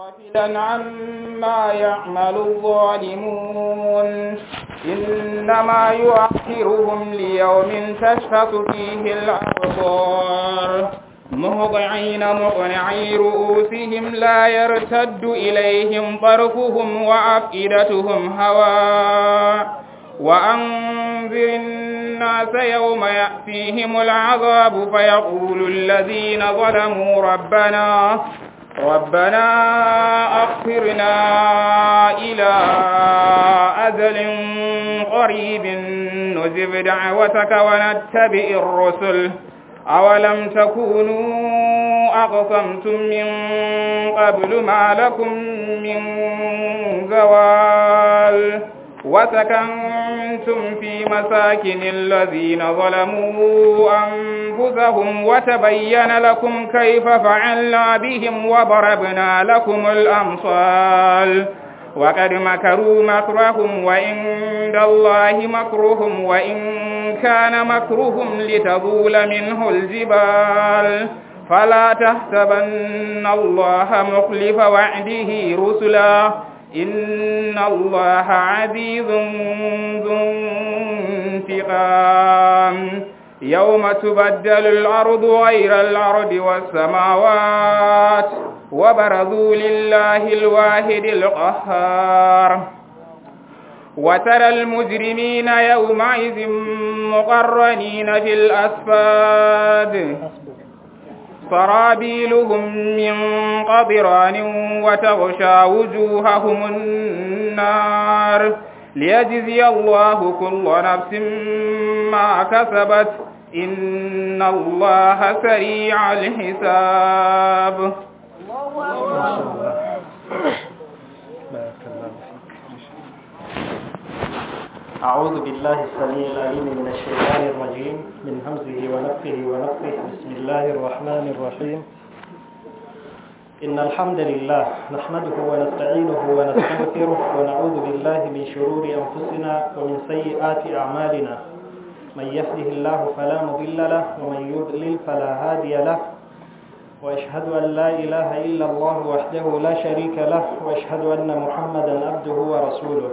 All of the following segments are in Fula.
غافلا عما يعمل الظالمون إنما يؤخرهم ليوم تشخص فيه الأبصار مهضعين مقنعي رؤوسهم لا يرتد إليهم طرفهم وأفئدتهم هواء وأنذر الناس يوم يأتيهم العذاب فيقول الذين ظلموا ربنا ربنا أخفرنا إلى أذل قريب نزب دعوتك ونتبع الرسل أولم تكونوا أقسمتم من قبل ما لكم من زوال وسكنتم في مساكن الذين ظلموا أنفسهم وتبين لكم كيف فعلنا بهم وضربنا لكم الأمثال وقد مكروا مكرهم وعند الله مكرهم وإن كان مكرهم لتزول منه الجبال فلا تحسبن الله مخلف وعده رسلا إن الله عزيز ذو انتقام يوم تبدل الأرض غير الأرض والسماوات وبرزوا لله الواحد القهار وترى المجرمين يومئذ مقرنين في الأسفاد سرابيلهم من قبران وتغشى وجوههم النار ليجزي الله كل نفس ما كسبت إن الله سريع الحساب الله أكبر أعوذ بالله السميع العليم من الشيطان الرجيم من همزه ونفخه ونفخه بسم الله الرحمن الرحيم إن الحمد لله نحمده ونستعينه ونستغفره ونعوذ بالله من شرور أنفسنا ومن سيئات أعمالنا من يهده الله فلا مضل له ومن يضلل فلا هادي له وأشهد أن لا إله إلا الله وحده لا شريك له وأشهد أن محمدا عبده ورسوله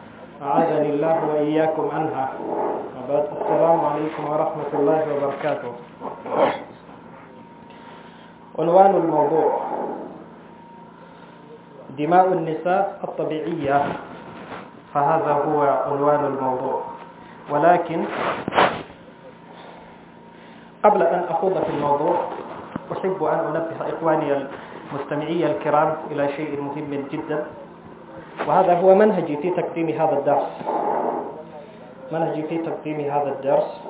أعاذني الله وإياكم عنها وبعد السلام عليكم ورحمة الله وبركاته عنوان الموضوع دماء النساء الطبيعية فهذا هو عنوان الموضوع ولكن قبل أن أخوض في الموضوع أحب أن أنبه إخواني المستمعي الكرام إلى شيء مهم جدا وهذا هو منهجي في تقديم هذا الدرس منهجي في تقديم هذا الدرس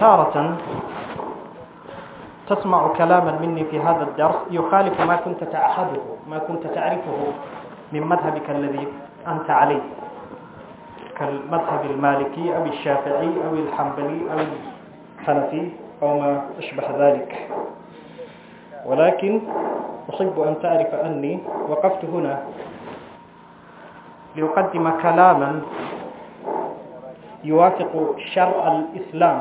تارة تسمع كلاما مني في هذا الدرس يخالف ما كنت تعهده ما كنت تعرفه من مذهبك الذي أنت عليه كالمذهب المالكي أو الشافعي أو الحنبلي أو الحنفي أو ما أشبه ذلك ولكن أحب أن تعرف أني وقفت هنا لأقدم كلاما يوافق شرع الإسلام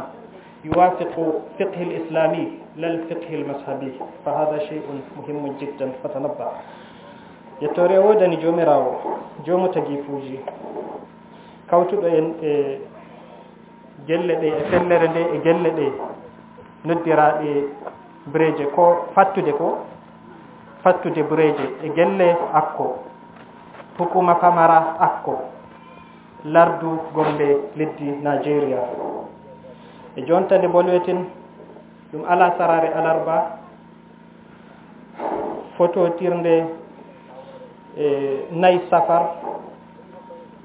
يوافق فقه الإسلامي لا الفقه المذهبي فهذا شيء مهم جدا فتنبه yettore wodani jomirawo jomo tagi fuuji kawtuɗo en e gelle ɗe e fellere nde breje ko fattude ko fattude breje e gelle ko akko hukuma pamara akko lardu gombe leddi nigeria e jonta nde bolweten ɗum ala sarare alarba fototirnde e nayi safar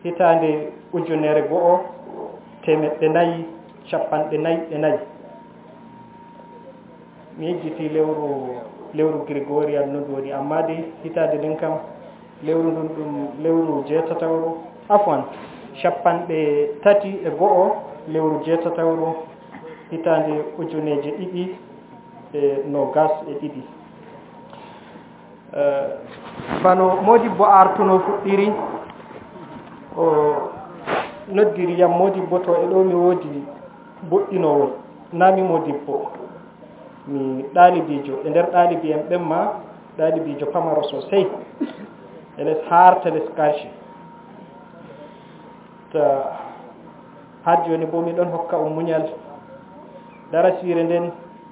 hitande ujunere go'o temeɗɗe nayi capanɗe nayi e nayi mi yejjiti lewru lewru grégorial ndu woni amma de hitaade nden kam lewru ndun ɗum lewru jeetatawru afwan shappanɓe tati e go'o lewru jeetatawru hitaande ujuneeje ɗiɗi e no gas e ɗiɗi eh, bano moodi bo artuno fuɗɗiri o noddiri yam moodi boto e ɗo mi woodi boɗɗinowol naami moodi bo mi ɗaalibiijo e nder ɗaalibi en ɓen ma ɗaalibiijo pamaro sosey e les har teles karshe ta haa jooni bo miɗon hokka um muñal darasiire nden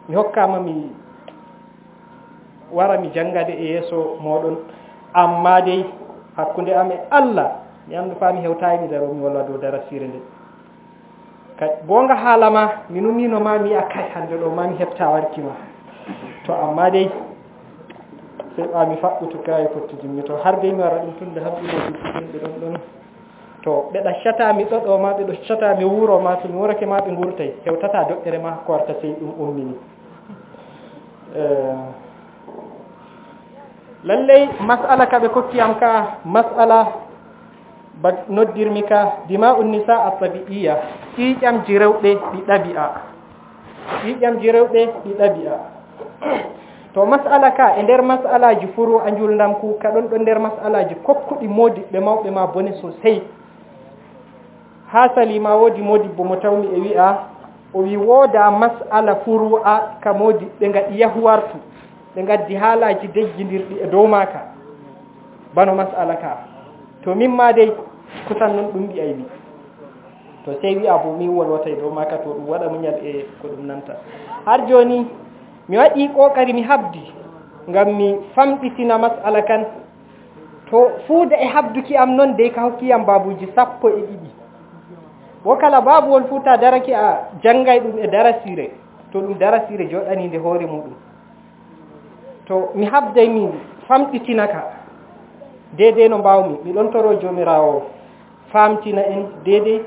mi hokkaama mi wara mi janngade e yeeso mooɗon amma dey hakkunde am e allah mi anndu faa mi heewtaani daro mi walla dow darasiire nden bonga halama minu mino ma mi akai hande ɗo ma mi hepta ma. to amma dai sai ba mi faɓɓutu kayi fotti jimmi to har dai mi wara ɗum tunda haɓɓuɗoji ɓe ɗon ɗon to ɓe ɗaccatami ɗoɗo ma ɓe mi wuro ma so mi worake ma ɓe gurtay hewtata doƴƴere ma ko warta sey ɗum ummini eh, lallay masala ka ɓe kokkiyam ka masala but not dirmika dima'un nisa at-tabi'iyya ƙiƙyam jirauɗe ɗi ɗabi'a ƙiƙyam jirauɗe ɗi ɗabi'a to mas'ala ka e nder mas'alaji ji furu anjul ndam ku ka ɗon ɗon nder mas'alaji ji kokkudi modi be mawbe ma bone sosai ha salima wodi modi bo motawmi e wi'a o wi woda mas'ala furu a ka modi be ngadi yahuwartu ɓe ngaddi haalaji dejjindirdi e dow maka bano mas'ala ka to min ma dai kusan noon ɗum ɗiyaymi to sey wi'a bo mi wolwatay dow maka to ɗum waɗa muñal e ko ɗum nanta har joni mi waɗi ƙoƙari mi habdi ngam mi famɗitina masala kan to fuuda e habduki am noon dey ka hokkiyam babuji sappo e ɗiɗi bo kala babuwol fuu ta daraki a janngay ɗum e darasire to ɗum darasire joɗani nde hoore muɗum to mi habday mi famɗitinaka dedeno mbawmi mi ɗon toro jomirawo faamtina en deedey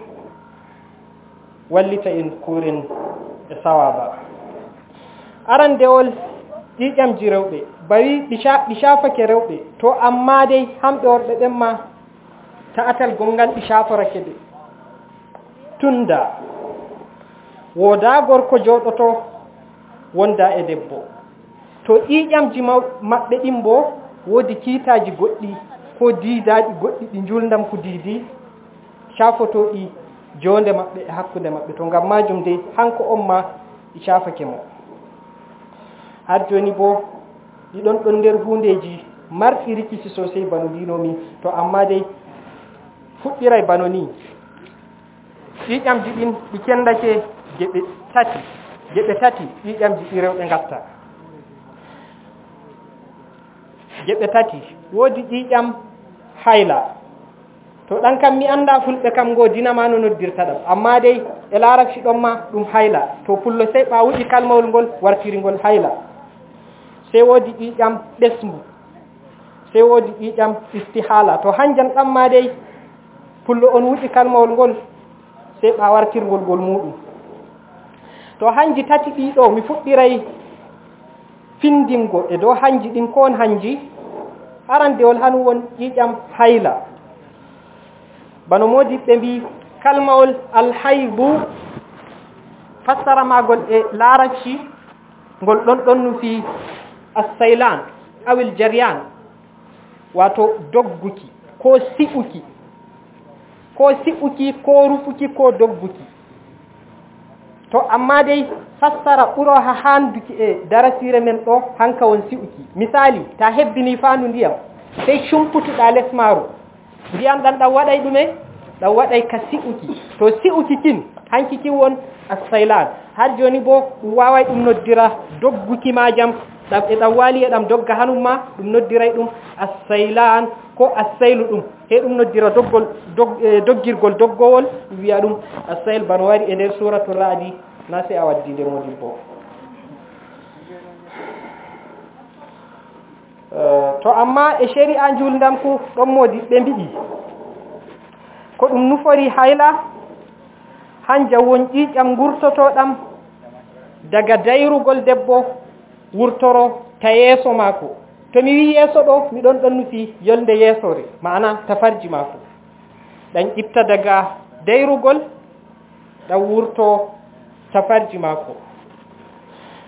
wallita en kuren e sawaba aran dewol ƴiƴamji rewɓe bawi ɗi shafake rewɓe to amma dey hamɓe worɓe ɓen ma ta atal gongal ɗi shaforake ɓe tunda woda gorko joɗoto wonda e debbo to ƴiƴamji maɓɓe ɗin bo woodi kiitaji goɗɗi ko diidaɗi goɗɗi ɗi julndam ko diidi cafotoɗi jonde maɓɓe e hakkude maɓɓe to ngam majum de hanko on ma ɗi shafake mo har joni bo ɗiɗon ɗon nder hundeji marɗi rikici sosai bano ndinomi to amma dai fuɗɗiray bano ni ƴiƴamji ɗin ɗi kendake geɓe tati geɓe tati ƴiƴamji ɗi rewɓe ngatta geɓe tati woodi ƴiƴam hayla to ɗan kam mi annda fulɓe kam ngo dinama no noddirta ɗam amma dey e laaraci ɗon ma ɗum hayla to pullo sey ɓawuɗi kalmawol ngol wartiringol hayla sey woodi ƴiƴam ɓesmu sey woodi ƴiƴam istihala to hanjan ɗam ma dey pullo on wuɗi kalmawol ngol sey ɓa wartirgol ngol muɗum to hanji tati ɗiɗo mi fuɗɗiray findingo e dow hanji ɗin ko on hanji arandewol han won ƴiƴam hayla bano be mbi kalmawol alhaybu fassara magol e laranci ngol ɗon ɗon nufi assaylan awil jariyan wato dogguki ko si'uki ko si'uki ko rufuki ko dogguki to amma dai fassara ɓuro ha handuki e darasire men ɗo hanka won si'uki misali ta hebbini fandu ndiyam sai shumputuɗa les maaro ndiyam ɗan ɗan waɗay ɗume ɗan waɗai ka si'uki to si'uki kin hanki kin won asailan har joni bo wawai ɗum noddira dogguki majam ɗam e ɗam wali e ɗam dogga hanum ma ɗum noddiray ɗum assailan ko assailu ɗum he ɗum noddira doggol e, doggirgol doggowol wiya ɗum assail bana wari e nder suratu ra'adi na sai a waddi nde modin bo eh, to amma e shari'a julndam ku ɗon modi ɓe mbiɗi ko ɗum nufori hayla hanja won ƴiiƴam ngurtotoɗam daga dayrugol debbo wurtoro ta yeeso maako to mi wi yeeso ɗo miɗon ɗon nufi yolde yeesore ma'ana tafarji maako ɗan ƴitta daga dayrugol ɗan wurto tafarji maako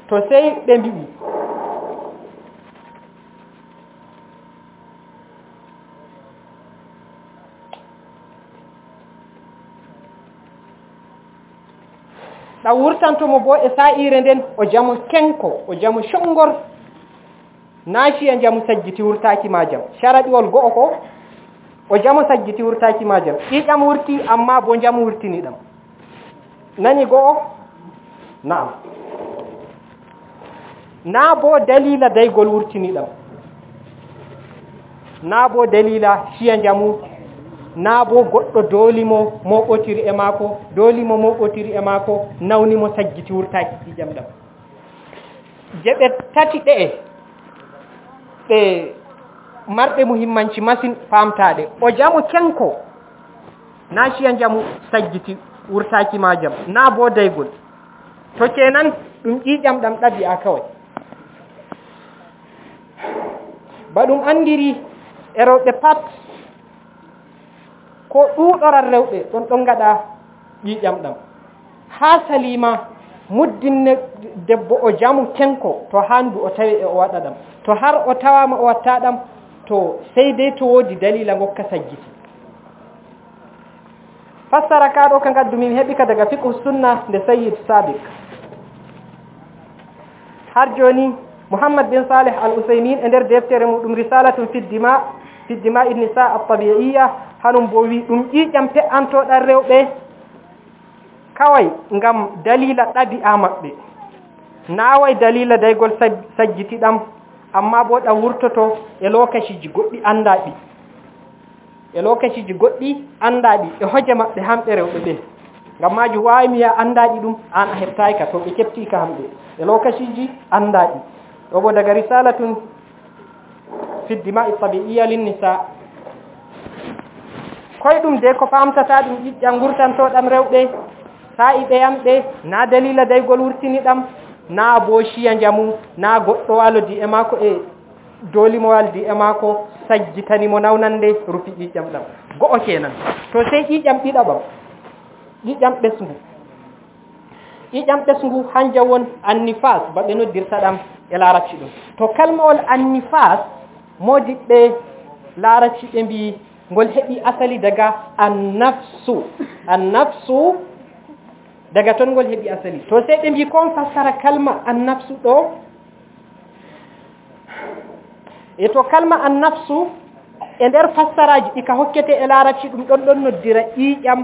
to sey ɓe mbi'i ɗan wurtantomo bo e sa'ire nden o jamo kenko o jamu na naaciya jamu saggiti wurtaki majam sharaɗiwol go'o ko o jamu saggiti wurtaki majam ɗiƴam wurti amma bo jamu wurtini ɗam nani go'o na'am na bo dalila daygol wurtini na bo dalila shiya jamu naa bo goɗɗo doolimo mo ɓotiri e maako doolimo mo ɓotiri e maako nawnimo sajjiti wurtaaki ɗiƴam ɗam jeɓe tati ɗee ɓe marɓe muhimmanci masin faamtaaɗe o jamu kenko naa ciya jamu sajjiti wurtaaki maa jam naa bo daygol to ceenan ɗum ƴiiƴam ɗam ɗabi a kawai ba ɗum anndiri e rewɓe pat ko ɗuɗoral rewɓe ɗon ɗon ngaɗa ƴiiƴam ɗam haa salima muddinne debbo o jamu tenko to handu o tawi e o waɗa ɗam to har o tawama o watta ɗam to sey dey to woodi dalila gokka saggiti fassara ka ɗo ka ngaddu min heɓi ka daga fiqhu sunna nde sayid sabik har joni mouhammad bin saleh al usaymin e nder deftere muɗum risalatum fiddima fi jima'i nisa at-tabi'iyya hanum bowi dum ƴiƴam pe'anto ɗan rewɓe kawai ngam dalila ɗabi'a maɓɓe nawai dalila daygol sajjiti ɗam amma bo ɗan wurtoto e lokaciji goɗɗi andaɗi e lokaciji goɗɗi andaɗi e hoje maɓɓe hamɓe rewɓe be. ngam maji wawi mi wiya andaɗi ɗum an a heɓtayi ka to ɓe kepti ka hamɓe e lokaciji andaɗi ɗo bo daga risala tun fi dima'i tabi'iyya linnisa koye ɗum de ko famtata ɗum ƴiƴƴa gurtantoɗam rewɓe sa'i ɓeyamɓe na dalila daygol wurtiniɗam ɗam na bo shiya njamu na goɗɗo walodi e maako e dolimo waldi e maako sajjitanimo nawnande rufi ƴiƴƴam ɗam go'o kenan to sey ƴiƴƴam ɗiɗaɓam ƴiƴƴam ɓesngu ƴiƴam ɓesngu hanjam won annifas ba ɓe noddirta ɗam e larabci ɗum to kalmawol annifas modiɓɓe laracci ɓe mbi gol heɓi asali daga annafsu annafsu daga ton gol heɓi asali to sai ɓe mbi kon fassara kalma annafsu ɗo e to kalma annafsu e nder fassaraji ɗi ka hokkete e laracci ɗum ɗon ɗon noddira ƴiƴam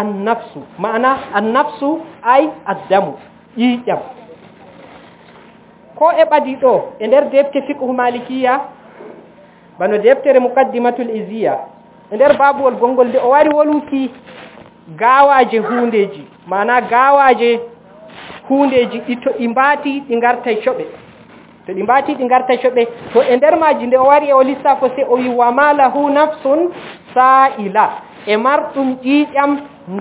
annafsu ma'ana annafsu ayi addamu ƴiƴam ko e ɓadi ɗo e nder defte fiqhu malikiya bano deftere muqaddimatul iziya e nder babuwol gongol nde o wari woluki gawaje hundeji mana gawaje hundeji ɗito ɗi mbaati ɗi ngartay coɓe to ɗi mbaati ɗi ngartay coɓe to e nder maji nde o wari e o lissafo se o wi wama lahu nafsun sa'ila e marɗum ƴiiƴam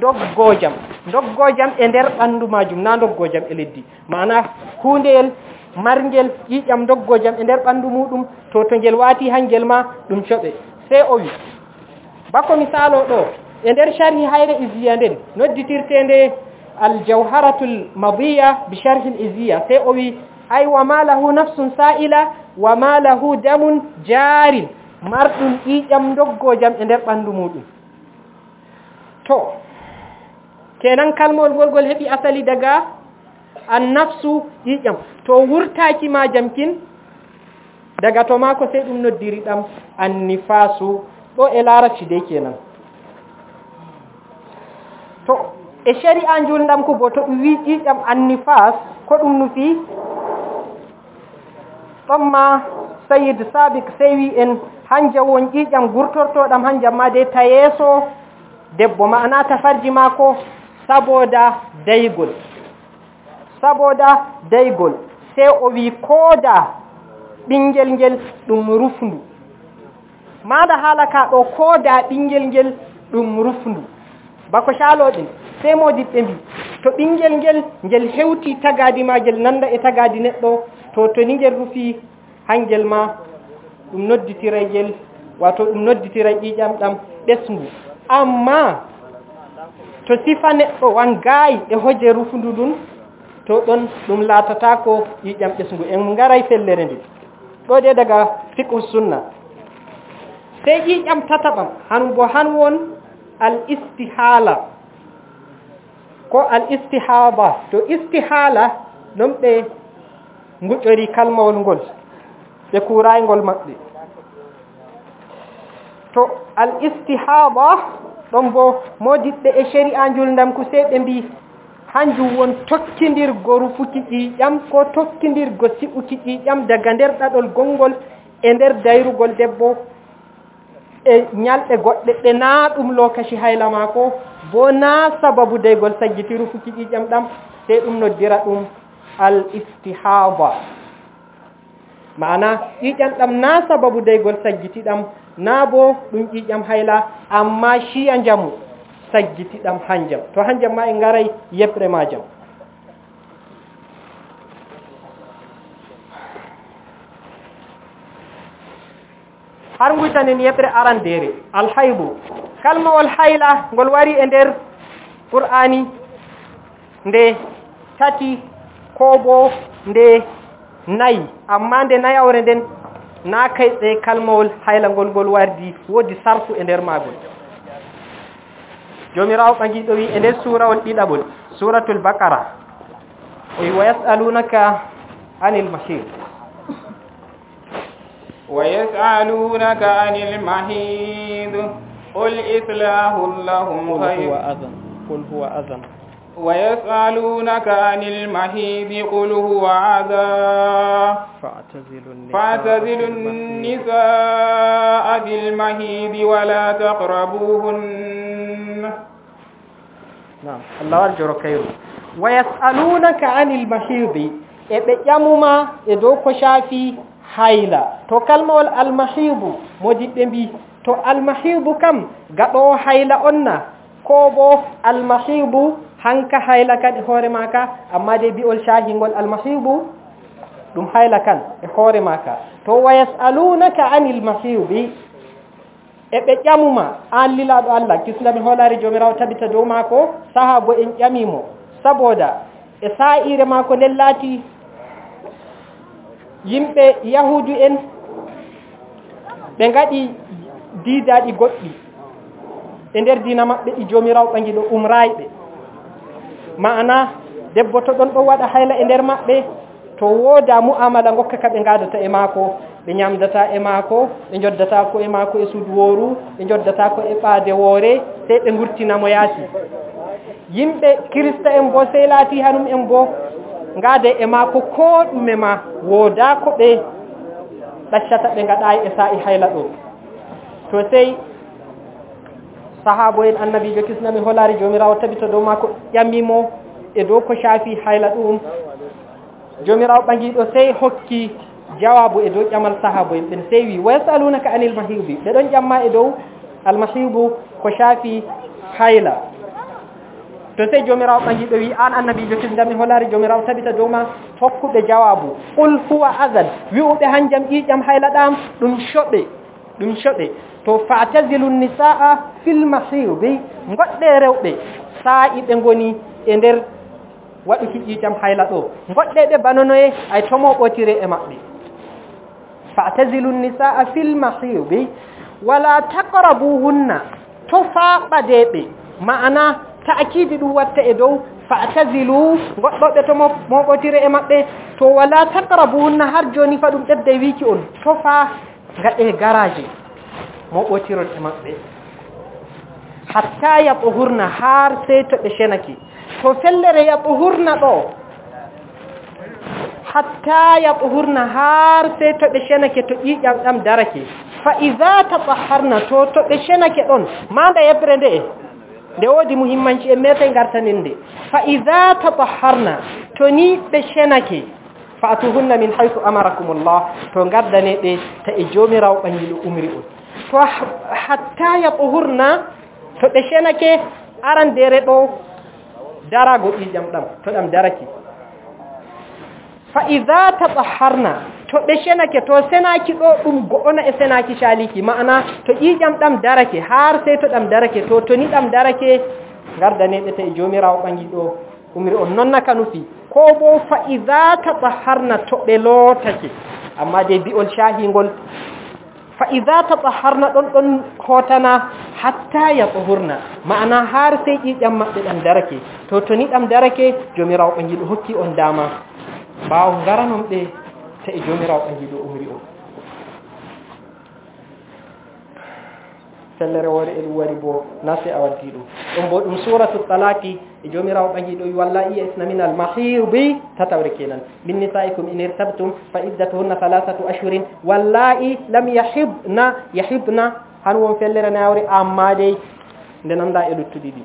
doggojam doggojam e nder ɓanndu majum na doggojam e leddi mana hundeyel marngel ƴiiƴam doggojam e nder ɓanndu muɗum to to ngel wati hangel ma ɗum coɓe sai o wi bako misalo ɗo e nder sharhi hayre iziya nden nodditirte nde aljawharatul madiya bi sharhi sai isiya o wi ay wa lahu nafsun sa'ila wa hu lahu damun jarin marɗum ƴiƴam doggojam e nder ɓandu muɗum to kenan kalmol golgol heɓi asali daga nafsu ƴiƴam to wurtaki majam kin daga to mako sai ɗum noddiri ɗam annifasu ɗo e larabci dai kenan to e shari'a julɗam ko bo to ɗum wi ƴiƴam annifas ko ɗum nufi ɗon ma sabiq sabik en hanja won gurtorto gurtortoɗam hanja ma dai ta yeeso debbo ma'ana ta farji mako saboda daygol saboda daygol sai o wi koda. ɓinngel ngel ɗum rufndu maaɗa haala kaa ɗo koodaa ɓinngel ngel ɗum rufndu bako caalooɗen sey moodi ɓe mbi to ɓinngel ngel ngel heewtii tagaadi maa ngel nannda e tagaadi neɗɗo to to ni ngel rufii hanngel maa ɗum nodditiray ngel waato ɗum nodditiray ƴiiƴam ɗam ɓesngu ammaa to sifa neɗɗo wan gaayi e hoje rufndu ɗum to ɗon ɗum laatataa ko ƴiiƴam ɓesngu en ngaray fellere nde Ɗo ɗoɗe daga fiqh sunna sai ƴiƴam tataɓam han bo han won al-istihala ko al-istihaba to istihala don ɓe nguƴƴori kalmawol ngol ɓe gol maɓɓe to al-istihaba don bo modiɗɓe e shari'a njulndam ku sai ɓe mbi Hanju won tokkidirgo rufuki yam ko uki ci yam daga nder ɗaɗol gongol e nder dayrugol debbo e ñalɗe goɗɗe ɗe na ɗum lokaci hayla mako, bo na sababu daygol saggiti rufuki dam ɗam dum ɗum dira ɗum al istihaba ma'ana ƴiiƴam ɗam na sababu daygol saggiti ɗam na bo ɗum yam hayla amma shiya njamu saggitiɗam hanjam to hanjam ma en garai yebre majam har guytanen yebre arandere alhaibu kalmawal hayla ngol wari e nder qur'ani nde tati ko bo nde nayi amma nde awre nden na kay ɗe kalmawol haila ngol ngol wardi wodi sarfu e nder maagol jomirawo ɓagi ɗo wi e سورة surawol ɗiɗaɓol suratul bakara o wi wa yasalunaka anil ويسألونك عن المحيض قل إصلاح لهم خير قل هو أذى ويسألونك عن المحيض قل هو عذا فاعتزلوا النساء في المحيض ولا تقربوهن الجنة نعم الله أرجو خير ويسألونك عن المحيض إبيامما إدوك شافي haila to kalmawol almahibu modiɓɓe mbi to almahibu kam gaɗo hayla onna ko bo almahibu hanka hayla kan e hoore maka amma de bi'ol shahingol almahibu ɗum hayla kan e hoore maka to wa yasalunaka anil mahibi e ɓe ƴamuma aan lilaaɗo allah kisnami hoolaari joomiraawo tabita dow maako sahaa go en ƴamiimo saboda e saa'iire maako nden laati yimɓe yahuudu en ɓe ngaɗi diidaaɗi goɗɗi e ndeer diina maɓɓe ɗi joomiraawo ɓangi ɗo umraayɓe maana debbo to ɗon ɗo waɗa hayla e ndeer maɓɓe to woodaa mu'amala ngokka ka ɓe ngaadata e maako ɓe ñamdata e maako ɓe joddata ko e maako e sud wooru ɓe joddata ko e ɓaade woore sey ɓe ngurtinamo yaasi yimɓe kirista en boo sey laati hanum en boo ngaade e maako koo ɗume ma woodaa ko ɓe ɗaccata ɓe ngaɗaa e saa'i hayla ɗo to sey sahaabo en annabijo kisnami holaari joomiraawo tabita dow maako ƴamimo e dow ko caafi hayla ɗum joomiraawo ɓagiiɗo sey hokki jawabu edo ƴamal sahabo en ɓen sewi wa yasalunaka anil mahibi ɓe ɗon ƴamma e dow almahibu ko shafi hayla to sey jomirawo ɓangi ɓe wi an annabijo tin jami holari jomirawo tabita dow ma hokkuɓe jawabu qul huwa adan wi'uɓe han jam ƴiƴam hayla ɗam ɗum coɓe ɗum coɓe to fa'tazilu nisaa fil mahibi goɗɗe rewɓe sa'i ɓe ngoni e nder waɗuki ƴiƴam hayla ɗo goɗɗe ɓe banonoye ay tomo ɓotire e maɓɓe fa'tazilu nisaa fil mahiyubi wala taqrabuhunna to faɓadeɓe ma'ana ta'kidi ɗum watta e dow fa'tazilu goɗɗoɓe to moɓotire e maɓɓe to wala taqrabuhunna har joni fa ɗum ɗedde wiki on to fa gaɗe garaje moɓotirot e maɓɓe hatta yaɓo hurna har sey to ɓe shenake to fellere yaɓo hurna ɗo hatta ya tsuhurna har sai ɗashe na ke to ƴiƴan ɗan dara ke fa'iza ta na to ɗashe na ke ɗon ma da ya fire nde yau woodi muhimmanci e meten gartanin nde fa'iza ta na to ni ɓe na ke fa'atuhunna min haythu amarakumullah to gardane ɗe ta ijo e joomiraawo ɓangi yi umri to hatta ya tsuhurna to ɓe shena ke aran dere ɗo darago ƴiƴam ɗam to ɗam darake fa'iza ta tsaharna to ɗashe na ke to sai na ki ɗin go'ona sai na ki shaliki ma'ana to ƙiƙyam ɗan darake har sai to ɗan darake to to ni ɗam darake da ne ijo mira wa ɓangi ɗo umiri on non na ka nufi ko bo fa'iza ta tsaharna to ɗe lotake amma dai bi'ol ngol fa'iza ta tsaharna ɗon ɗon hotana hatta ya tsohurna ma'ana har sai ƙiƙyam maɗi ɗan darake to to ni ɗam darake jomira wa ɓangi ɗo hokki on dama ɓaawo ngaranum ɗe tawi joomirawo ɗen yiɗo umri o fellere wore eɗum wari bo nase a waddi ɗum ɗum bo ɗum suratu talaki e jomirawo ɓangi ɗo walla iya isnamin almahiru be tatawre kenan min nisaikum in irtabtum fa iddatuhunna thalathatu ashhurin wallahi lam yahibna yahibna han won fellere nawre amma dey nde nanda e luttuɗi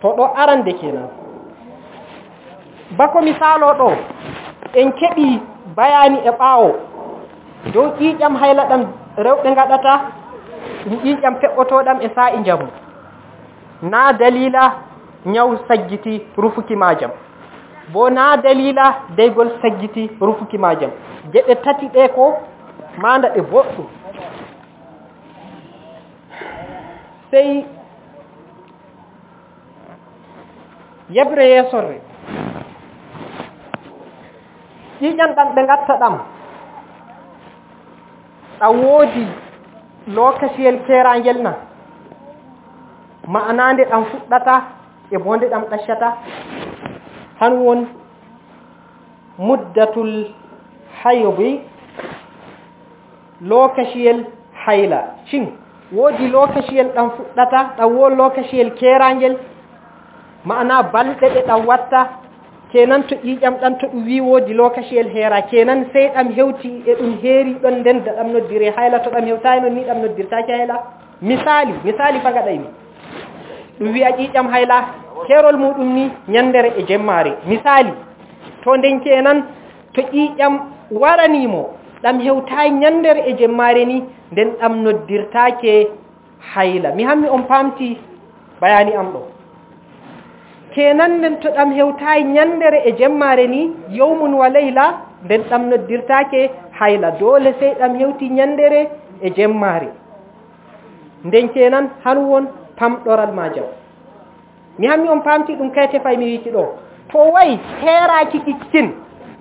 to ɗo arande kenan bako misaalo ɗo en keɓi bayani e ɓaawo dow ƴiiƴam hayla ɗam rewɓe ngaɗata ɗum ƴiiƴam feɓɓotoɗam e saa'i njamu naa dalila ñaw sajjiti rufuki ma jam bo naa dalila daygol sajjiti rufuki ma jam geɗe tati ɗe ko maanda ɗe boɗɗum sey yeɓre yeesorre ƴiƴan ɗan ɗan atta ɗam a woodi lokaciyel kerangel na ma'ana nde ɗan fuɗɗata e bonde ɗan ɗam ɗaccata han won muddatul haybi lokaciyar hayla shin wodi lokaciyar ɗan fuɗɗata ɗan won lokaciyel kerangel ma'ana balɗe ɗan ɗam watta kenan to yi ƴam ɗan to ɗum wiwoodi lokaciyel hera kenan sai ɗam hewti e ɗum heri ɗon nden da ɗam noddire hayla to ɗam hewtayno ni ɗam noddirtaki hayla misali misali fagaɗaymi ɗum wiya ƴiƴam hayla kerol muɗum ni ñandere e jemmare misali to nden kenan to warani waranimo ɗam hewtayi ñandere e jemmare ni nden ɗam noddirtake hayla mi hammi on pamti bayani am ɗo kenan nden to ɗam hewtayi nyandere e jemmare ni yawmun wa la nden ɗam noddirtake hayla dole sey ɗam hewti nyandere e jemmare nden kenan han won pamɗoral jam mi hammi on pamti ɗum kayte fay mi wiki ɗo to wayi heeraki kikin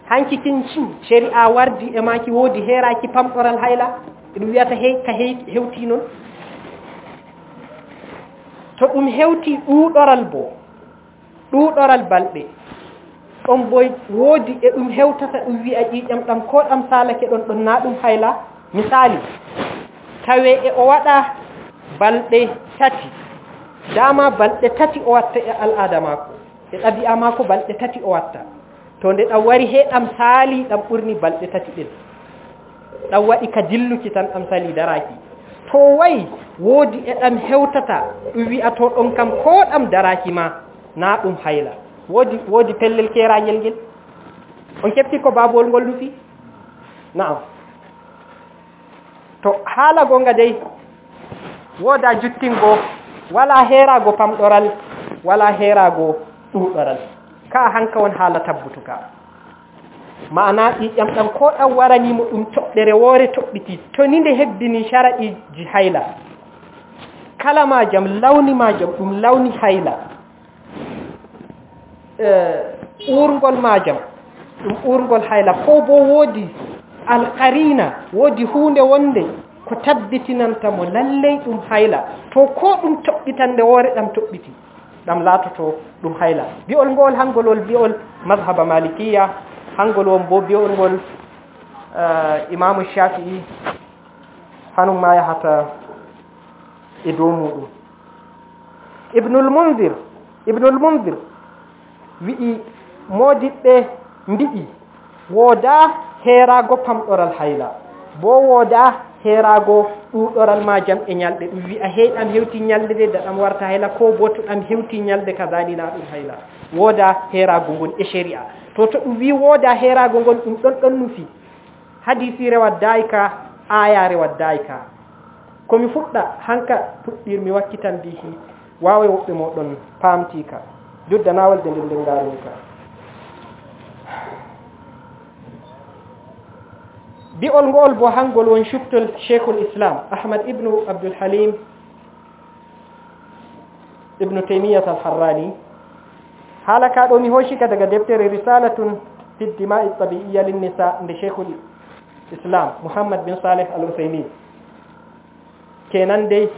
hanki kin sheri'a wardi e maki woodi heeraki pamɗoral hayla ɗum wiyata hey ka hewti noon to ɗum hewti uɗoral bo. ɗuɗoral balɗe ɗon boy woodi e ɗum hewtata ɗum wi'a ƴiiƴam ɗam ko ɗam salake ɗon ɗon na ɗum hayla misali tawe e o waɗa balɗe tati dama balɗe tati o watta e al'aada maako e ɗabi'a maako balɗe tati o watta to nde ɗam wari he ɗam saali ɗam ɓurni balɗe tati ɗin ɗam waɗi ka dilluki tan ɗam sali daraki to wayi woodi e ɗam hewtata ɗum wi'a to ɗon kam ko ɗam daraki ma na ɗum hayla woodi wodi pellel keerañel ngel on keɓti ko baabol ngol lufi na'am to haala gonga dey woda juttingo wala heerago pamɗoral wala heerago ɗuuɗoral ka hanka won haala tabbutu ka ma'ana ɗiƴam ɗam ko ɗan waranimo ɗum toɓɓere woore toɓɓiti to ni nde hebbini sharaɗiji hayla kala majam lawni majam ɗum lawni hayla Eh, urungol majam ɗum urungol hayla ko bo woodi alqarina woodi hunde wonde ko tabbitinanta mo lallai ɗum hayla to ko ɗum toɓɓitande woore ɗam toɓɓiti ɗam laatoto ɗum hayla bi'ol ngol hangol wol bi'ol madhaba malikiya hangol won bo bi'ol ngol eh, imamu shafi'i hanum ma yahata e dow muɗum ibnul mundir ibnul mundir wi'i moodiɓɓe mbi'i wooda heerago pamɗoral hayla bo wooda heerago ɗuuɗoral ma jam e ñalɗe ɗum wi'a hey ɗam hewti ñalde de da ɗam warta hayla ko bo to ɗam hewti ñalde kadanina ɗum hayla wooda heerago ngon e sharia to to ɗum wi wooda heerago ngon ɗum ɗon ɗon nufi hadisi rewat dayka aya rewat dayka komi fuɗɗa hanka puɗɗirmi wakkitan bihi waawa woɓɓe moɗon paamtika duk da nawal da lindin garinka bi'ol ngol bo hangol won shuftol sheikhul islam ahmad ibnu abdul halim ibnu taymiyat al harrani haala ka ɗo mi hoccika daga deftere risalatun fi dima'i tabi'iya linnisa nde sheikhul islam muhammad bin salih al usaymin kenan dai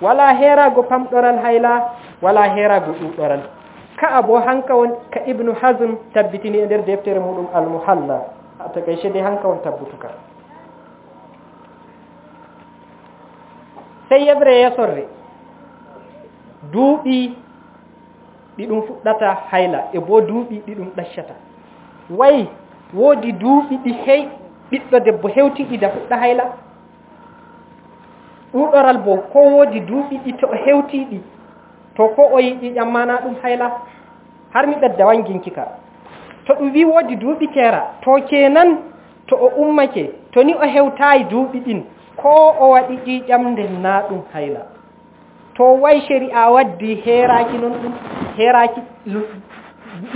wala herago pamɗoral hayla wala herago ɗuɗoral ka abu hanka won ka ibnu hazm tabbitini e nder deftere muɗum al muhalla to kayce de hanka won tabbutuka sai yabre ya duuɓi ɗi ɗum fuɗɗata hayla e bo duuɓi ɗi ɗum wai wodi dubi duuɓi ɗi hey ɓiɗɗo debbo ɗi da fuɗɗa hayla ɗuɗoral bo ko wodi duuɓi ɗi to hewti ɗi? to ko o yiɗi ƴammana ɗum hayla har mi ɓedda wanginki ka to ɗum wi woodi duuɓi teera to kenan to o ummake to ni o hewtayi duuɓi ɗin ko o waɗi ƴiƴam nden na ɗum hayla to wai shari'a waddi heeraki noon ɗum heeraki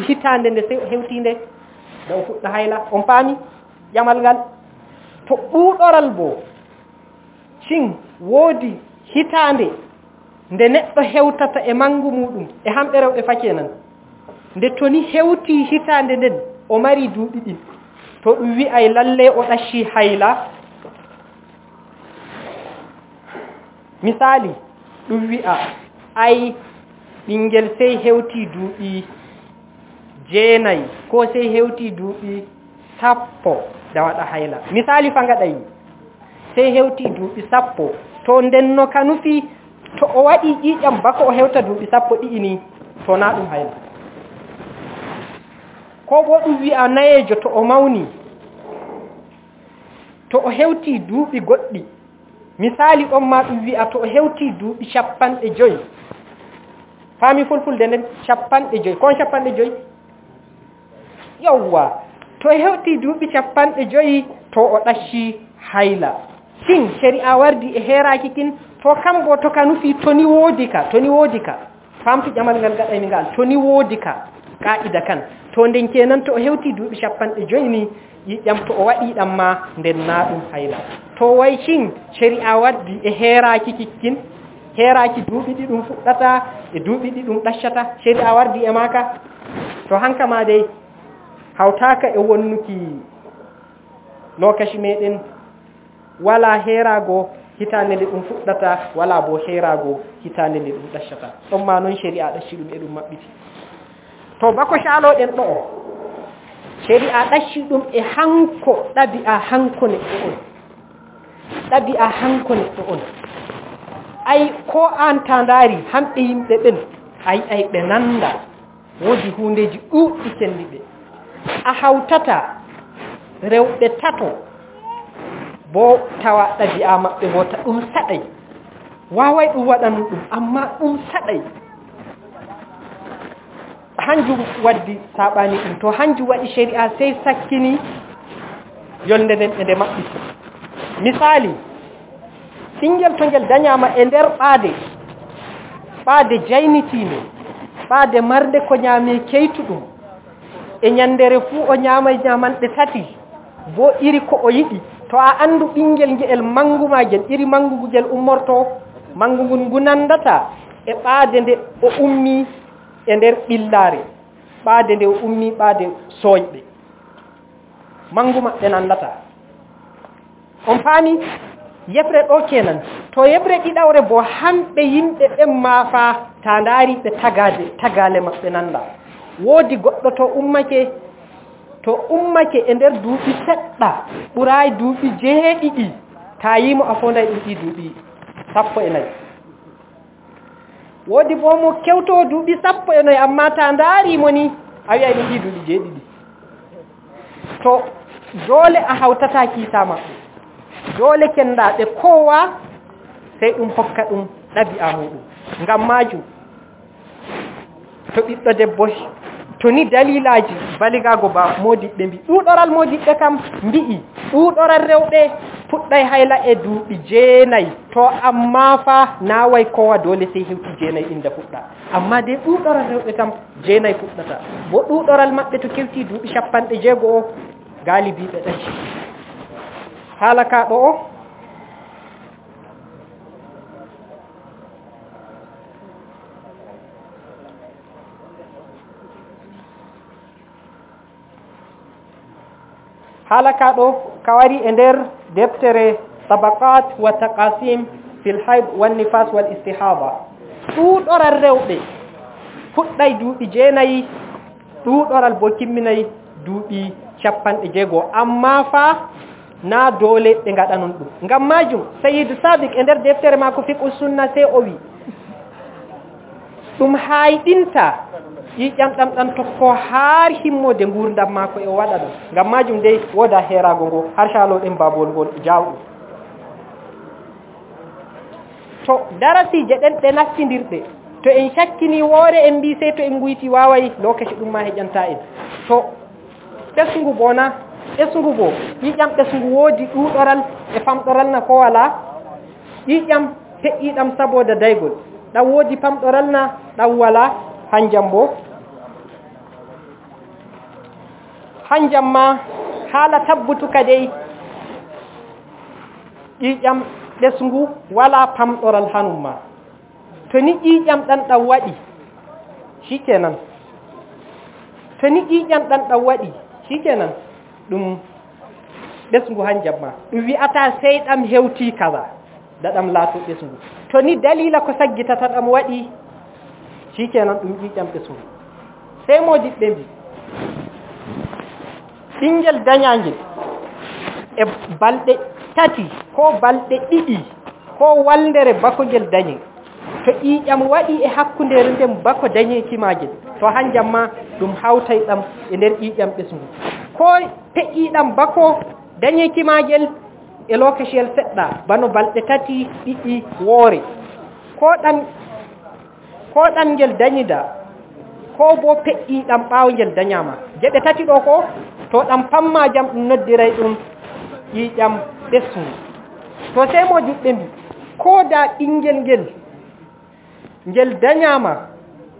hitande nde sey o hewti nde nde o fuɗɗa hayla on paami ƴamal ngal to ɓuuɗoral bo cin woodi hitande nde neɗɗo hewtata e manngu muɗum e hamɓe rewɓe facce nan nde to ni hewtii hitaande nden o marii duuɓi ɗin to ɗum wiyay lallee o ɗaccii hayla misaali ɗum wi'a ay ɓinngel sey hewtii duuɓi jeenayi ko sey hewtii duuɓi sappo da waɗa hayla misaali fa ngaɗayi sey hewtii duuɓi sappo to ndenno kanufii to o waɗi ƴiƴam bako o hewta duuɓi sappo ɗiɗi ni to na ɗum hayla ko bo ɗum wi'a nayejo to o mawni to o hewti duuɓi goɗɗi misali on ma ɗum wi'a to o hewti duuɓi ful joyi faami fulfulde nden capanɗe joyi kon capanɗe joyi yawwa to o hewti duuɓi capanɗe joyi to o ɗacci hayla sin shari'a wardi e heeraki kin to go to ka nufi ni wodi ka ni wodi ka famtu ƴamal ngal gaɗaymi ngal ni wodi ka qa'ida kan to nden kenan to o dubi shappan de joini ni yiƴam to o wadi dan ma nden na ɗum hayla to wai shin shari'a waddi e hera ki kikkin ki dubi ɗi ɗum fudata e dubi ɗi ɗum dashata shari'a wardi e maka to hanka ma dai, hautaka e wonnuki lokaci meden wala hera go. hitaande nde ɗum fuɗɗata wala bo heerago hitaande nde ɗum ɗaccata ɗon ma noon chéri a ɗacci ɗum e ɗum maɓɓiti to bako caaloɗen ɗo o chéri a ɗacci ɗum e hanko ɗaɓi a hanko neɗɗo on ɗaɓi a hanko neɗɗo on ay ko an ta ndaari hamɓe yimɓe ɓen ay ay ɓe nannda woodi hundeji ɗuɗɗi sendi ɓe a hawtata rewɓe tato bo tawa ɗabi'a maɓɓe bo ɗum saɗai wawai ɗum waɗanu ɗum amma ɗum saɗai hanjum waddi saɓani ɗum to hanjum waɗi sheri'a sai sakkini yolde nden e nde maɓɓiti misali ɓingel to ngel dañama e nder ɓaade ɓaade jaynitinde ɓaade marde ko ñaame keytuɗum e nyandere fuu o ñaamay ñamanɗe tati bo iri ko o yiɗi to a anndu ɓinngel ngeel mangumaa gel iri manngugu gel ummortoo manngu ngun ngu nanndata e ɓaade nde o ummii e ndeer ɓillaare ɓaade nde o ummii ɓaade sooyɓe manngu maɓɓe nanndata on faami yeɓre ɗo keenan to yeɓre ɗiɗawre bo hamɓe yimɓe ɓen maafaa taa ndaari ɓe tagaade tagaale maɓɓe nannda woodi goɗɗo to ummake to ummake e nder duuɓi seɗɗa ɓuraayi duuɓi jeeɗiɗi taa yiimo a fonday e ɗum ɗii duuɓi sappo e nayi woodi boo mo kewtoo duuɓi sappo e noyi amma taa ndaariimo ni a wiyay ɗum ɗii duuɓi jeeɗiɗi to doole a hawtataa kiisaa maɓɓe doole kennɗaa ɓe koowaa sey ɗum hokka ɗum ɗabi'aa muɗum ngam maajum to ɓiɗɗo debbo toni dalilaji baligago ba modiɓɓe mbi ɗuɗoral de kam mbi'i ɗuɗoral rewɓe fuddai hayla e duuɓi jenai to amma fa na ko kowa dole sey hewti jenai inda fuɗɗa amma de ɗuɗoral rewɓe kam jenai fuɗɗata bo ɗuɗoral maɓɓe to kewti duuɓi shappande jego o gaalibiɓe ɗayi Halaka kaɗo o halaka ɗo ka wari e nder deftere tabaqat wa taqasim fil haib wan nifas wal istihaba ɗuɗoral rewɓe fuɗɗay duuɓi jeenayi ɗuɗoral bo kimminayi duuɓi capanɗe jeego amma fa na dow leɗɗe gaɗanon ɗum ngam majum sayidu sadik e nder deftere maako fiqu sunna sey o wi E ɗum hayɗinta ƴiƴƴam ɗam ɗam tokko har himmode ngurdam maako e o waɗa ngam majum de woda herago ngo har caloɗen babol ngol jawɗum to darasi je ɗen ɗe naftidirɗe to en cakkini woore en mbi sey to en guyti waway lokaci ɗum ma heƴanta en to ɓesngu bona ɓesngu bo ƴiƴam ɓesngu woodi ɗuɗoral e famɗoral na ko wala ƴiƴam feƴƴiɗam saboda daygol ɗam woodi pamɗoral na ɗan wala hanjan bo hanjan ma haala tabbutuka dey ƴiiƴam ɗesngu wala pamɗoral hanum ma to ni ƴiiƴam ɗan ɗan waɗi shikenan to ni ƴiiƴam ɗan ɗan waɗi shikenan ɗum ɗesngu hanjam ma ɗum wi'ata sai ɗan hewti kaza da ɗan laatu ɗesngu to ni dalila ko ta ɗan waɗi si kenan ɗum ƴiƴƴamɓe sun sey moji ɓe mbi ɓinngel dañangel e balɗe tati ko balɗe ɗiɗi ko walndere bako ngel dañe to ƴiƴam waɗi e hakkundere nden bako dañeki magel to han jamma ɗum hawtay ɗam e nder ƴiƴam ɓe sun ko peƴƴiɗam bako dañeki magel e lokaciel seɗɗa bano balɗe tati ɗiɗi woore ko ɗam ko ɗan ngel da ko bo peƴƴi ɗan ɓawo ngel danyama. je ɓe tati ɗo ko to ɗan fama jam ɗum noddiray ɗum ƴiiƴam ɓesngu to sai mo juɗɓe mbi ko da ɓinngel ngel ngel danyama,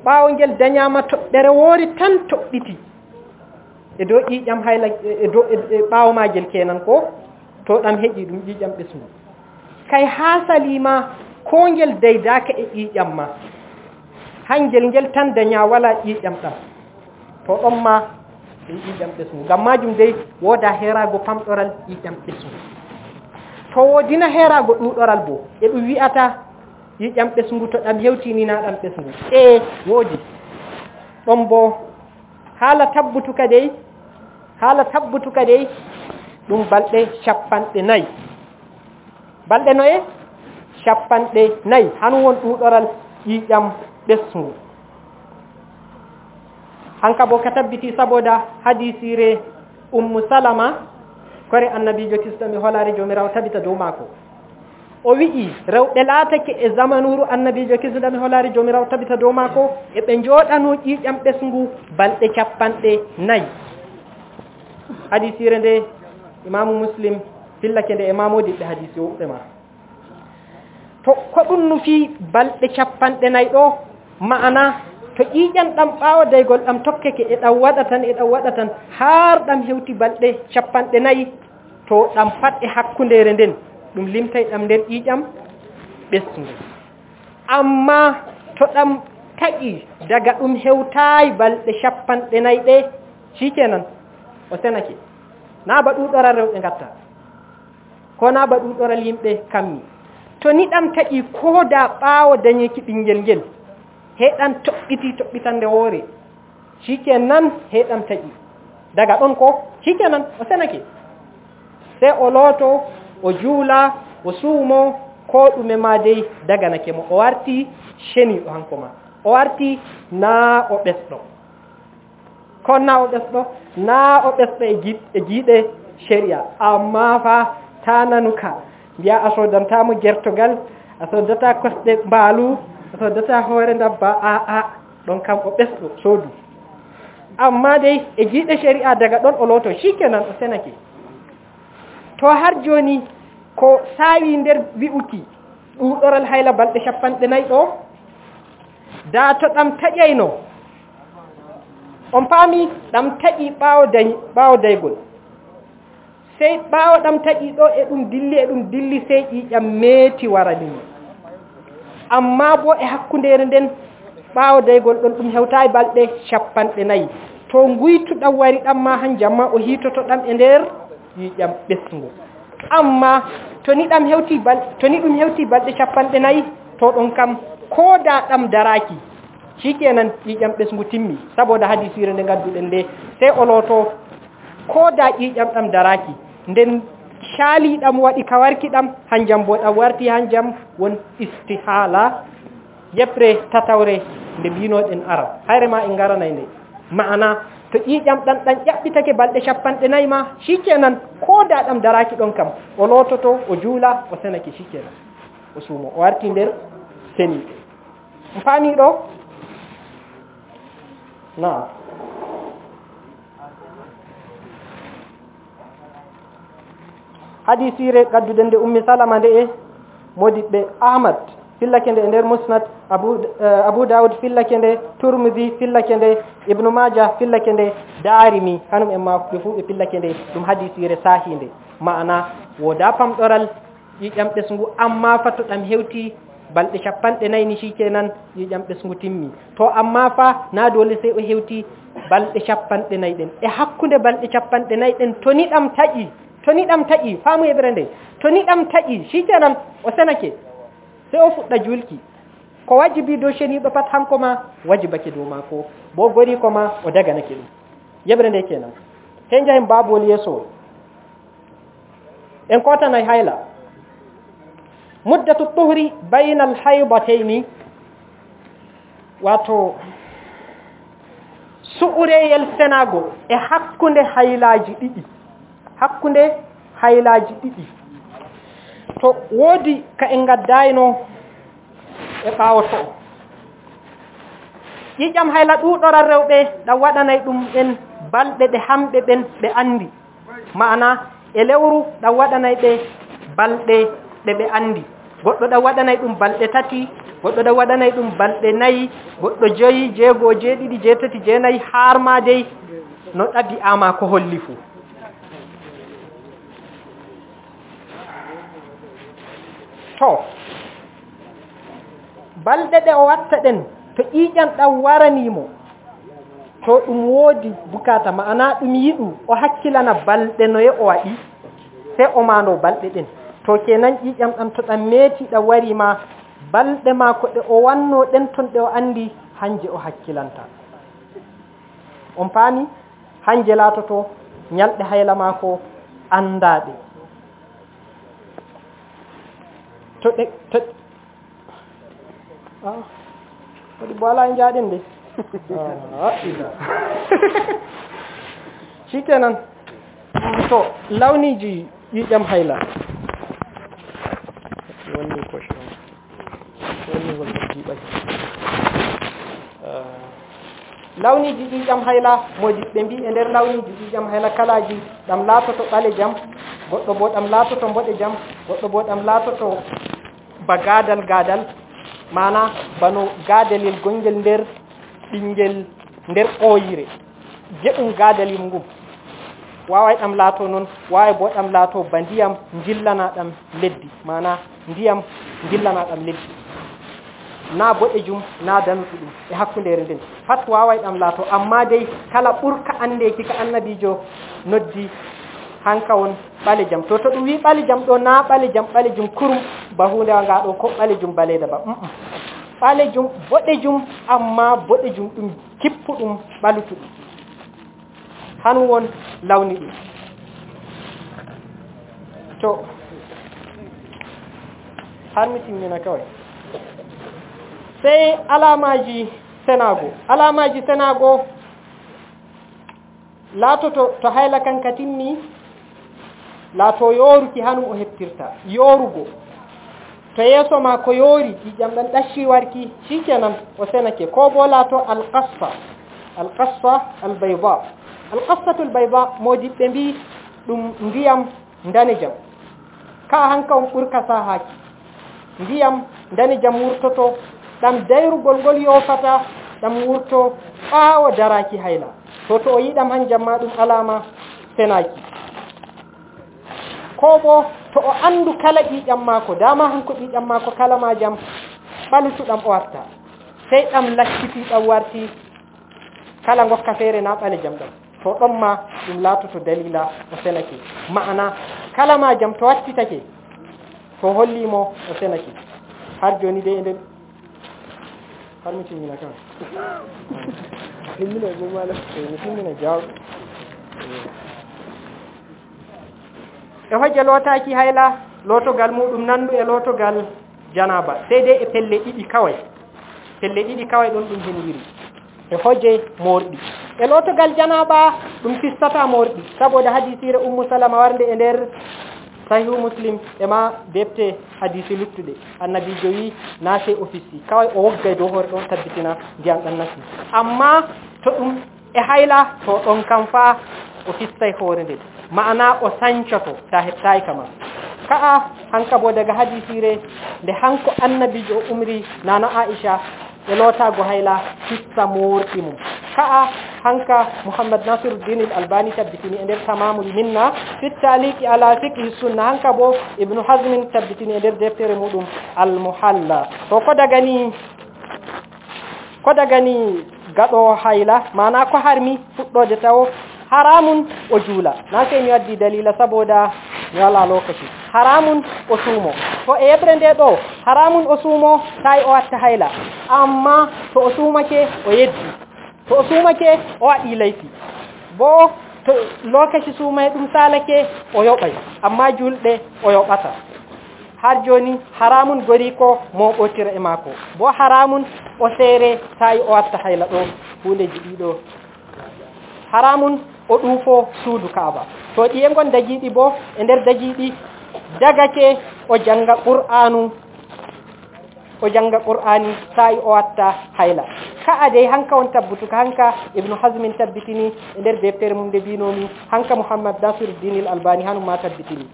ɓawo ngel danyama toɓɓere woori tan toɓɓiti e dow ƴiiƴam hayla e, e, e ɓawo ma maagel kenan ko to ɗam heƴii ɗum ƴiiƴam ɓesngu kay haa salima ko ngel daydaaka e ƴiiƴam ma hangel ngel tan daña wala iƴam ɗam to ɗon ma e ƴiƴam ɗesmu ngam majum dey wooda heerago pamɗoral iƴam ɗesmu to woodina herago ɗuɗoral bo e ɗum wi'ata iƴam ɓesngu to ɗam hewtinina ɗam ɓesngu e woodi ɗon bo haala tabbutuka dey haala tabbutuka dey ɗum balɗe shappanɗe nayi balɗe noye shappanɗe nayi han won ɗuɗoral ƴiƴam ɓesngu han ka bo ka tabbiti saboda hadisire ummu salama kore annabijo kistomi holare jomirawo tabita dow maako o wi'i rewɓe laatake e zamanuru annabijo kisdami holare jomirawo tabita dow maako eɓe njooɗanu ƴiƴam ɓesngu balɗe capanɗe nayi hadisire nde imamu muslim fillake nde e mamodiɓɓe hadisi o uɓe ma to ko ɗum no fii balɗe capanɗe nayi ɗo ma'ana to ƴiƴan ɗan ɓaawo daigol e ɗan tokkake e ɗam waɗa tan e ɗam waɗa tan har ɗan hewti balɗe capanɗe nayi to ɗan pat e hakkundere nden ɗum limtay ɗan nder ƴiƴam ɓestunde amma to ɗan taƙi daga ɗum hewtayi balɗe capanɗe nayi ɗe shikenan o senake na ba ɗuɗoral rewɓe gatta ko na ba ɗuɗoral yimɓe kammi to ni ɗan taƙi ko da ɓaawo danyeki ɓingel ngel heɗan toɓɓiti toɓɓitande woore shikenan heɗan taƴi daga ɗon ko shikenan o senake sai o looto o juula o suumo ko ɗume ma dey daganake mo o warti sheniɗo hanko ma o warti na o ɓesɗo ko na o ɓesɗo na o ɓesɗo e giɗe e shari'a amma fa ta nanuka mbiya a sodantamo gertogal a sodata kosɗe mbaalu so data hoore dabba a a ɗon o ɓesɗo soodu amma dai e jiiɗe shari'a daga ɗon o looto shikenan o senake to har joni ko saawi nder wi'uki ɗuɗoral hayla balɗe capanɗe nayi ɗo daa to ɗam taƴayno on paami ɗam taƴi ɓaawo dañ sai daygol sey ɓaawo ɗam taƴi ɗo e ɗum dilli e ɗum dilli sey ƴiiƴam meeti wara nini amma bo e hakkundeere nden ɓawo daygol ɗon ɗum hewtaani balɗe capanɗe nayi to guytuɗam wari ɗam ma han jamma o hiitotoɗam e nder yiƴam ɓesngu amma to ni ɗam hewti bal to ni ɗum hewti balɗe capanɗe nayi to ɗon kam ko da ɗam daraki shikenan ƴiƴam ɓesngu timmi saboda hadisire nde ngadduɗen nde sey o looto ko da ƴiƴam ɗam daraki nden shali waɗi ka kawarki han hanjam bo ɗam warti hanjam won istihala yeɓre tatawre bino mbinoɗen arab hayre ma en garanay ne ma'ana to dan ɗan ɗan ƴaɓɓitake balɗe cappanɗe nayi ma shikenan ko da ɗam daraki ɗon kam o lototo o jula o senaki shikenan o sumo o warti nder seni fami ɗo na hadisire gadduɗen nde ummi salama nde e ahmad fillake e nder musnad abu eh, daoud fillake e e nde tourmidi fillake nde ibnu maja fillake darimi kanum en ma fu be ɓe fillake ɗum hadisire sahinde ma'ana woda yi jam ɓesngu amma fatu ɗam hewti balde chapande nay ni shikenan jam ɓesngu timmi to amma fa na dole sai o hewti balde chapande nay den e hakkunde balde chapande nay den toni ɗam taji to ni dam ta'i famu e berende to ni dam ta'i shikenan o senake sai o fudda julki ko wajibi do sheni ba pat hanko ma wajibake do mako bo gori koma o daga nake ɗum yeɓrende kenan hen jahen babol yeso en kotanay hayla muddatu tuhri bayna ni, wato su'ureyel senago e hakkunde haylaji didi. hakkunde haylaaji ɗiɗi to woodi ka en ngaddayno e ɓaawo to o ƴiƴam hayla ɗuuɗoral rewɓe ɗa waɗanay ɗum ɓen balɗe ɗe hamɓe ɓen ɓe andi maana e lewru ɗa waɗanay ɓe balɗe ɗe ɓe goɗɗo ɗa waɗanay ɗum balɗe tati goɗɗo ɗam waɗanay ɗum balɗe nayi goɗɗo joyi je ɗiɗi jeetati jeenayi haar ma dey no ɗabi'ama ko holli fuu too balɗe ɗe o watta ɗen to ƴiiƴanɗan waraniimo to ɗum woodi bukata ma anaa ɗum yiɗu o hakkilana balɗe noye o waɗi sey o maano balɗe ɗen to kenan ƴiiƴam ɗan to ɗam meetiiɗa warima balɗe maa ko ɗe o wannoo ɗen ton ɗe o anndi hannje o hakkilanta on paami hannje laatoto ñalɗe hayla maa ko anndaaɗe Eh, ah. wadda bala yin jaɗin dai ah. shi to launi ji yi ɗan haila wani kwashe wani wani nder lawni jiɗi jam kalaji ɗam laatoto ɓale jam goɗɗo bo ɗam laatoto mboɗe jam goɗɗo bo ɗam laatoto ba gadal gadal mana bano gadalel gongel nder ɓingel nder ɓooyire jeɗum gadalil gum wawai ɗam laato noon wawai bo ɗam laato ba ndiyam jillana ɗam leddi mana ndiyam jillana leddi na boɗejum na danuɗu ɗum e hakkundere nden pat wawai ɗam laato amma dai kala ɓurka andeki ka annabijo noddi hanka won ɓalijam to to ɗum wi ɓalijam ɗo na ɓalijam ɓalijum kurum ba hunde wa nga ɗo ko ɓalijum baleda ba ɓalejum boɗejum amma boɗejum ɗum kippuɗum ɓalutuɗum han won lawni ɗum to har mi timmina kawai sai alamaji senago alamaji senago latoto to hayla kan ka yoru ki hanu o heptirta yorugo to yeso ma ko ki ƴiƴam ɗan ɗacci warki shikenan o senake ko bo laato alkassa alkassa albayba alkassatu mo modiɓɓe mbi ɗum ndiyam danejam ka hanka on ɓurka ki ndiyam danejam wurtoto ɗam dayrugol golgol yofata ɗam wurto ɓaawo daraki hayla to to o dam han jamma ɗum alama senaki kobo to o andu kala ƴiƴam mako dama hanko ƴiƴam mako kala ma majam ɗam o warta sey ɗam lakkiti ɗam warti kala gokka feere na ɓali jam ɗam to ɗon ma ɗum laatoto dalila o senake ma'ana kala ma jam to wattitake to hollimo o senake har joni de nden har mi timmina kan timmina bo e timmina e jawɗo e hoje lootaaki hayla lootogal muɗum nandu e lootogal janaba sey de e pelle ɗiɗi kaway pelle ɗiɗi kaway ɗon ɗum hinwiri e hoje morɗi e lootogal janaba ɗum fistata morɗi saboda hadisire ummu salama warde e nder sahihu muslim ema ma defte hadisi luttuɗe annabijo wi naate o fisti kaway o woggay e dow hoore ɗon tabbitina ndiyam ɗan nasti amma to ɗum e hayla to ɗon kam fa o fistay hoore nde ma'ana osanchato ta hitai kama ka'a hankabo daga re da hanko annabi jo umri na na aisha ya lota guhaila kissa ka ka'a hanka muhammad nasir din albani tabbitini ender tamamul minna fit taliki ala fiqh sunna hanka bo ibn hazm tabbitini ender deftere mudum al muhalla to ko daga ni ko daga ni gado haila mana ko harmi de tawo haramun ojula jula na ce mi waddi dalila saboda wala lokaci haramun osumo sumo to e yebrende do haramun o sumo tawi o atta hayla amma to o ke o yeddi to o ke o adi laifi bo to lokaci sumai dum salake o yoɓay amma julɗe o yoɓata har joni haramun gori ko mo tira e mako bo haramun o sere tawi o atta haila do hundeji jidido haramun o dufo fo kaaba to en gon dagiiɗi bo e nder dagiiɗi dagake o janga qur'anu o janga qur'ani sa'i o watta hayla ka ade hanka on tabbutuka hanka ibnu hazm tabbitini e nder deftere mum de binomi hanka muhammad nasiruddin al albani ma tabbitini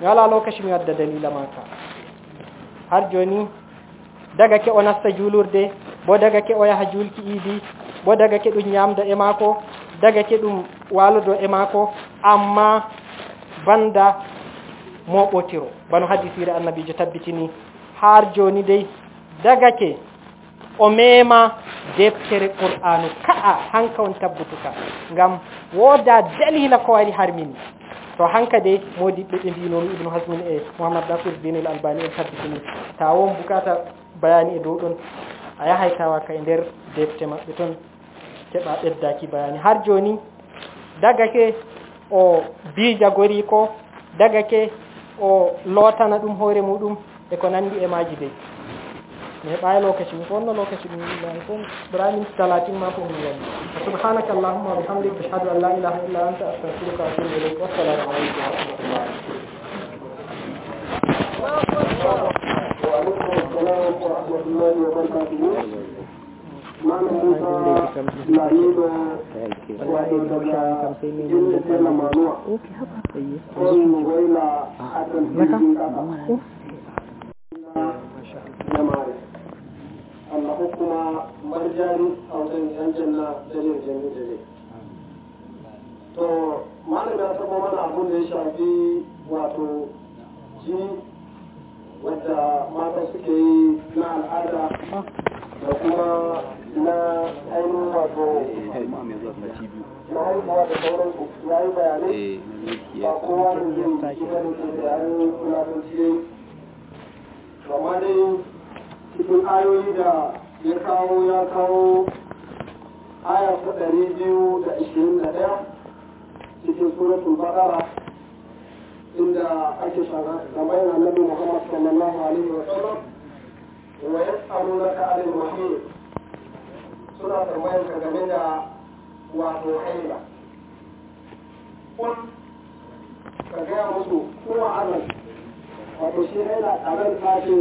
yala wala lokaci mi wadda dalila maka har joni dagake o nasta julurde. bo daga ke o yaha julki idi bo daga ke ɗum nyamda e mako daga ke ɗum walodo e mako amma banda mo ɓotiro bano annabi annabijo tabbitini har joni dai daga ke o mema deftere qur'anu ka'a hanka on tabbutuka ngam woda dalila ko wari harmini to hanka de modi be bi non ibnu hasmin e muhammad nasir bin al albani tabbitini tawon bukata bayani e dow a ya haikawa kai nder defte maɓɓe ton keɓa ɓeddaki bayani har joni dagake o bija gori ko dagake o lotana ɗum hoore muɗum e ko nandi e maji dey mais ɓaye lokaci mi fonno lokaci ɗum wiɗani fo bramin talatin ma fof mi wani subhanaka allahumma wa bihamdik ashhadu an la ilaha illa anta astaghfiruka wa atubu ilayk wassalamu aleykum wa rahmatullah السلام ورحمة الله وبركاته malam Musa Laiba wato daga jirgin Sela Manuwa wani gwaila a kan jirgin kasa na mare Allah kuma marjani a wajen yan janna jalil jami jale to malam ya sabo mana abun da ya shafi wato ji wadda mata suke yi na al'ada da kuma na ainihin wato na haihuwa da sauransu ya yi bayanai eh, ba kowa da zai yi wani ke da yayin kulatanci kama dai cikin ayoyi da ya kawo ya kawo aya ta ɗari biyu da ishirin da ɗaya cikin suratul baƙara inda ake shara da yana nabi muhammad sallallahu alaihi wa sallam wa yas'alunaka anil mahir suna tambayar ka game da wato haila kun ka gaya musu kuma anan wato shi haila tsaron tashi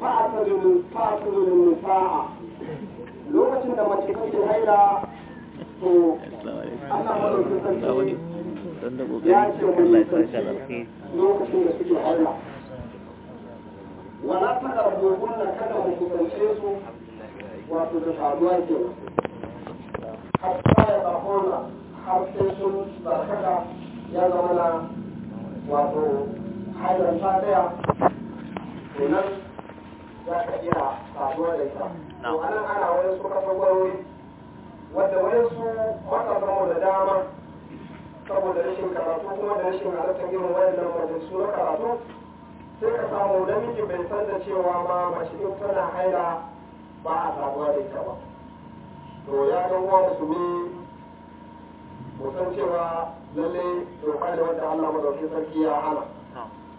fa'atazulun fa'atazulun nufa'a lokacin da mace kake haila to ana madaukin sarki don da ƙoƙari Allah ya saka alkhairi lokacin da suke haila wala ta karbo kunna kada mu kusance su wato da faruwa ke hatta ya zafona har sai sun barkata ya zama na wato hailar ta daya nan za ka iya faruwa da ita to anan ana wani su kasar gwarori wadda wani su matsafin da dama saboda rashin karatu kuma da rashin halatta irin wayannan majalisu na karatu sai ka samu namiji bai san da cewa ma mace in tana haila ba a sabuwa da ita ba to ya ga uwa musulmi mu san cewa lalle to ne wanda Allah madauki sarki ya hana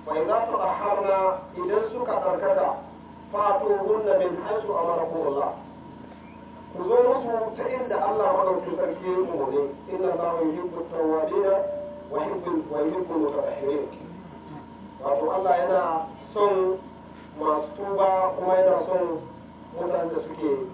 fa idza tadahharna idan suka karkata fatu hunna min a amarakum Allah ku zo musu ta inda Allah madaukakin sarki ya umarni inna Allah yuhibbu tawwabina wa yuhibbu wa yuhibbu mutatahhirin wato Allah yana son masu tuba kuma yana son mutanen da suke